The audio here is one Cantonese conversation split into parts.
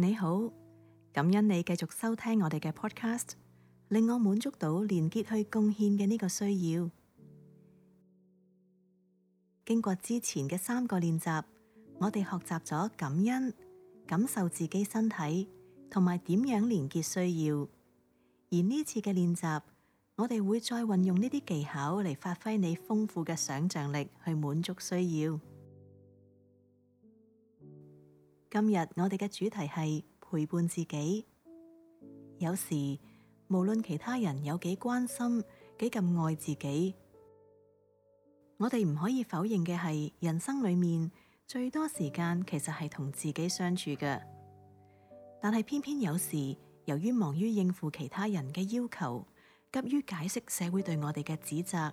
你好，感恩你繼續收聽我哋嘅 podcast，令我滿足到連結去貢獻嘅呢個需要。經過之前嘅三個練習，我哋學習咗感恩、感受自己身體，同埋點樣連結需要。而呢次嘅練習，我哋會再運用呢啲技巧嚟發揮你豐富嘅想象力去滿足需要。今日我哋嘅主題係陪伴自己。有時，無論其他人有幾關心，幾咁愛自己，我哋唔可以否認嘅係，人生裏面最多時間其實係同自己相處嘅。但係偏偏有時，由於忙於應付其他人嘅要求，急於解釋社會對我哋嘅指責，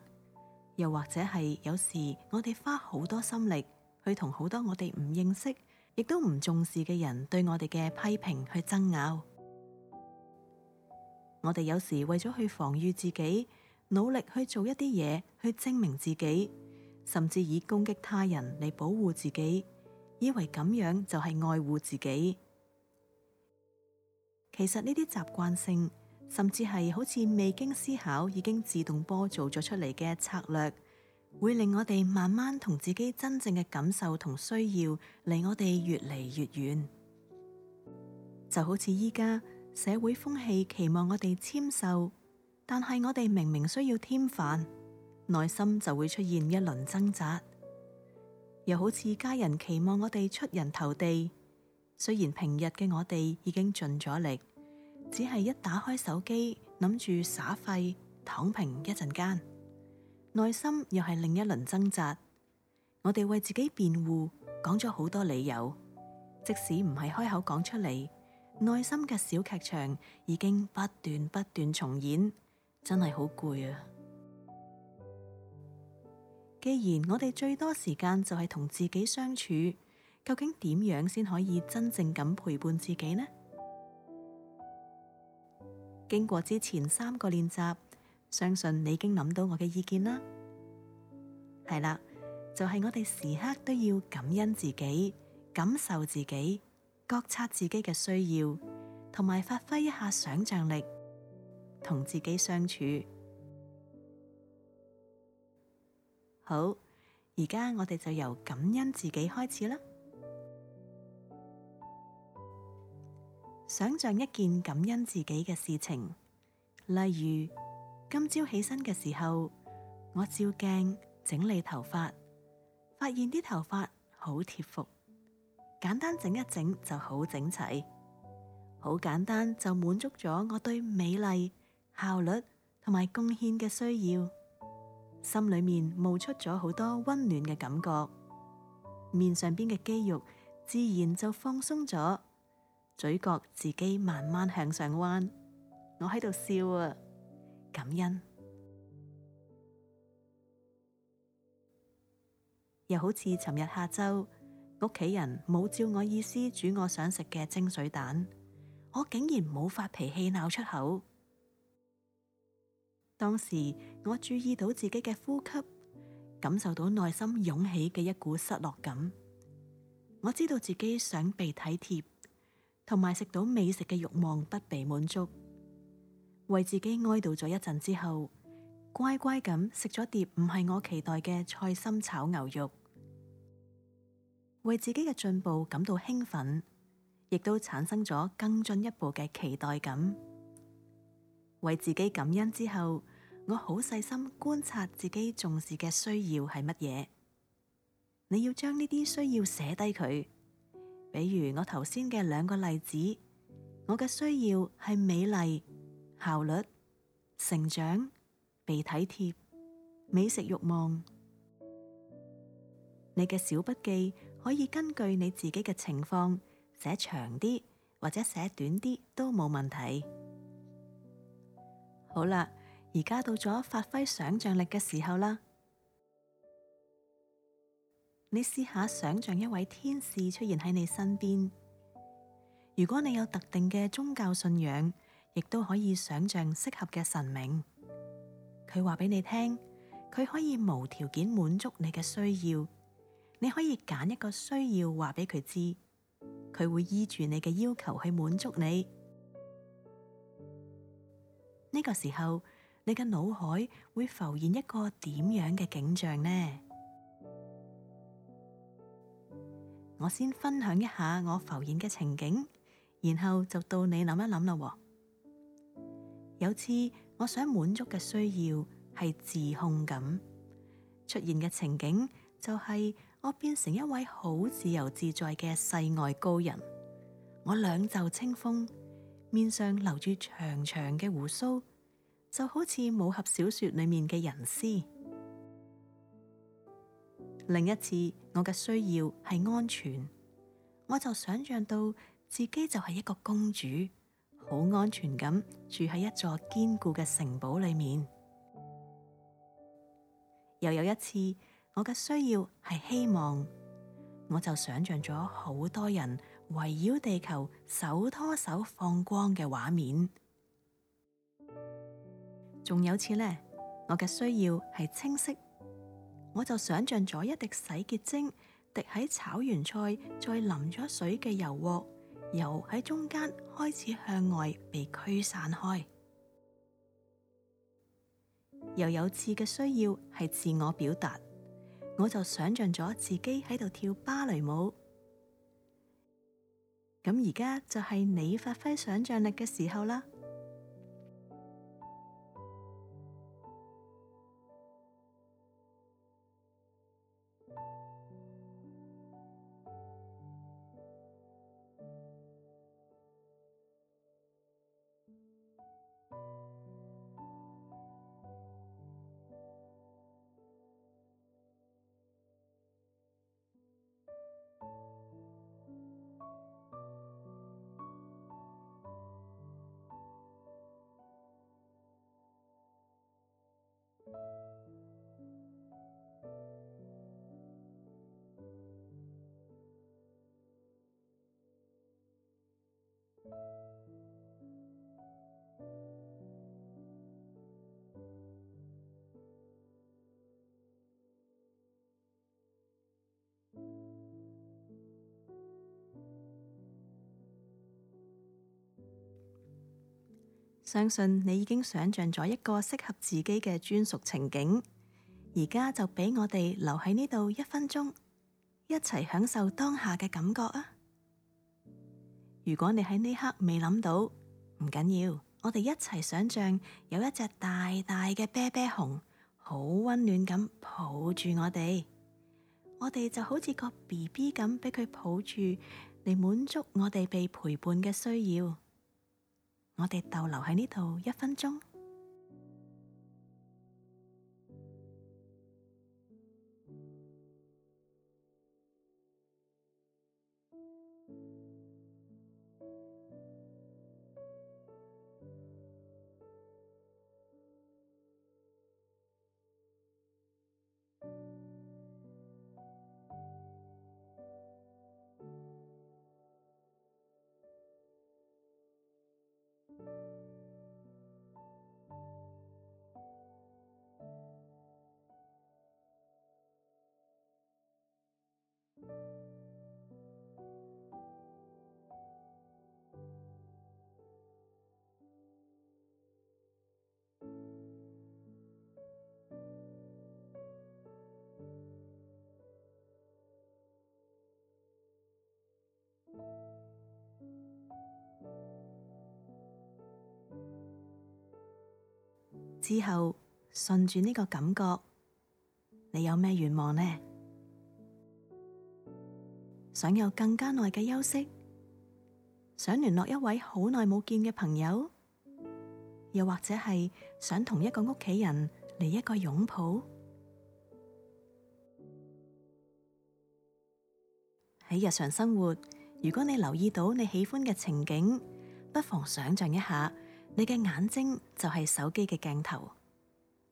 又或者係有時我哋花好多心力去同好多我哋唔認識。亦都唔重視嘅人對我哋嘅批評去爭拗，我哋有時為咗去防禦自己，努力去做一啲嘢去證明自己，甚至以攻擊他人嚟保護自己，以為咁樣就係愛護自己。其實呢啲習慣性，甚至係好似未經思考已經自動波做咗出嚟嘅策略，會令我哋慢慢同自己真正嘅感受同需要離我哋越嚟越遠，就好似依家社會風氣期望我哋纖瘦，但係我哋明明需要添飯，內心就會出現一輪掙扎。又好似家人期望我哋出人頭地，雖然平日嘅我哋已經盡咗力，只係一打開手機諗住耍廢躺平一陣間。內心又係另一輪掙扎，我哋為自己辯護，講咗好多理由，即使唔係開口講出嚟，內心嘅小劇場已經不斷不斷重演，真係好攰啊！既然我哋最多時間就係同自己相處，究竟點樣先可以真正咁陪伴自己呢？經過之前三個練習，相信你已經諗到我嘅意見啦。係啦，就係我哋時刻都要感恩自己，感受自己，覺察自己嘅需要，同埋發揮一下想象力，同自己相處。好，而家我哋就由感恩自己開始啦。想象一件感恩自己嘅事情，例如今朝起身嘅時候，我照鏡。整理頭髮，發現啲頭髮好貼服，簡單整一整就好整齊，好簡單就滿足咗我對美麗、效率同埋貢獻嘅需要，心裏面冒出咗好多溫暖嘅感覺，面上邊嘅肌肉自然就放鬆咗，嘴角自己慢慢向上彎，我喺度笑啊，感恩。又好似尋日下晝，屋企人冇照我意思煮我想食嘅蒸水蛋，我竟然冇發脾氣鬧出口。當時我注意到自己嘅呼吸，感受到內心湧起嘅一股失落感。我知道自己想被體貼，同埋食到美食嘅欲望不被滿足。為自己哀悼咗一陣之後。乖乖咁食咗碟唔係我期待嘅菜心炒牛肉，為自己嘅進步感到興奮，亦都產生咗更進一步嘅期待感。為自己感恩之後，我好細心觀察自己重視嘅需要係乜嘢。你要將呢啲需要寫低佢，比如我頭先嘅兩個例子，我嘅需要係美麗、效率、成長。被體貼，美食慾望。你嘅小筆記可以根據你自己嘅情況寫長啲，或者寫短啲都冇問題。好啦，而家到咗發揮想象力嘅時候啦。你試下想象一位天使出現喺你身邊。如果你有特定嘅宗教信仰，亦都可以想象適合嘅神明。佢話俾你聽，佢可以無條件滿足你嘅需要。你可以揀一個需要話俾佢知，佢會依住你嘅要求去滿足你。呢個時候，你嘅腦海會浮現一個點樣嘅景象呢？我先分享一下我浮現嘅情景，然後就到你諗一諗啦。有次。我想滿足嘅需要係自控感。出現嘅情景就係我變成一位好自由自在嘅世外高人，我兩袖清風，面上留住長長嘅鬍鬚，就好似武俠小說裏面嘅人師。另一次，我嘅需要係安全，我就想象到自己就係一個公主。好安全咁住喺一座堅固嘅城堡裏面。又有一次，我嘅需要係希望，我就想象咗好多人圍繞地球手拖手放光嘅畫面。仲有次呢，我嘅需要係清晰，我就想象咗一滴洗潔精滴喺炒完菜再淋咗水嘅油鑊。由喺中間開始向外被驅散開，又有次嘅需要係自我表達，我就想象咗自己喺度跳芭蕾舞，咁而家就係你發揮想象力嘅時候啦。相信你已經想象咗一個適合自己嘅專屬情景，而家就俾我哋留喺呢度一分鐘，一齊享受當下嘅感覺啊！如果你喺呢刻未諗到，唔緊要，我哋一齊想象有一隻大大嘅啤啤熊，好溫暖咁抱住我哋，我哋就好似個 BB 咁俾佢抱住，嚟滿足我哋被陪伴嘅需要。我哋逗留喺呢度一分鐘。之後，順住呢個感覺，你有咩願望呢？想有更加耐嘅休息，想聯絡一位好耐冇見嘅朋友，又或者係想同一個屋企人嚟一個擁抱。喺日常生活，如果你留意到你喜歡嘅情景，不妨想像一下。你嘅眼睛就係手機嘅鏡頭，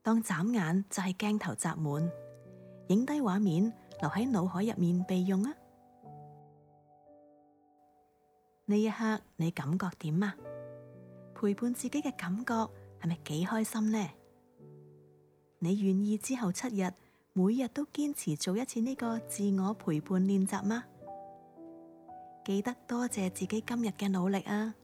當眨眼就係鏡頭集滿，影低畫面留喺腦海入面備用啊！呢一刻你感覺點啊？陪伴自己嘅感覺係咪幾開心呢？你願意之後七日每日都堅持做一次呢個自我陪伴練習嗎？記得多謝自己今日嘅努力啊！